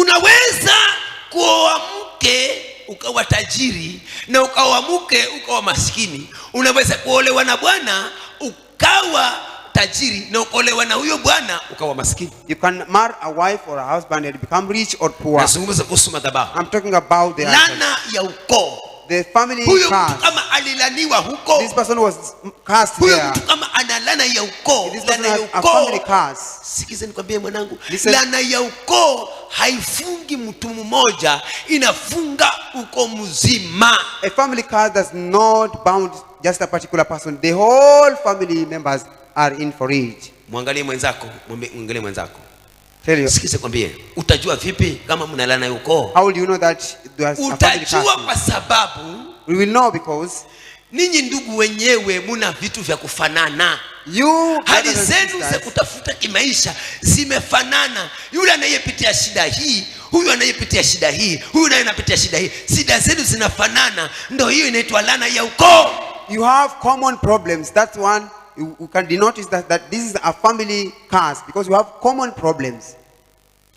Unaweza kuoa mke ukawa tajiri na ukaoa mke ukawa maskini. Unaweza kuolewa na bwana ukawa tajiri na ukaolewa na huyo bwana ukawa maskini. You can marry a wife or a husband and become rich or poor. Nazungumza kuhusu madhabahu. I'm talking about the lana ya ukoo. The family huyo mtu kama alilaniwa huko. This person was cast huyo there. Huyo mtu kama ya ya nikwambie mwanangu lana ya ukoo haifungi mtu mmoja inafunga uko mzima a family curse does not bound just a particular person the whole family members are in for it mwangalie mwenzako mwangalie mwenzako sikize kwambie utajua vipi kama mna lana ya ukoo how do you know that there's utajua kwa sababu we will know because ninyi ndugu wenyewe muna vitu vya kufanana hali zenu za kutafuta kimaisha zimefanana. Yule anayepitia shida hii, huyu anayepitia shida hii, huyu naye anapitia shida hii, shida zenu zinafanana. Ndio hiyo inaitwa laana ya ukoo. You have common problems. That's one you, you can notice that, that this is a family curse because you have common problems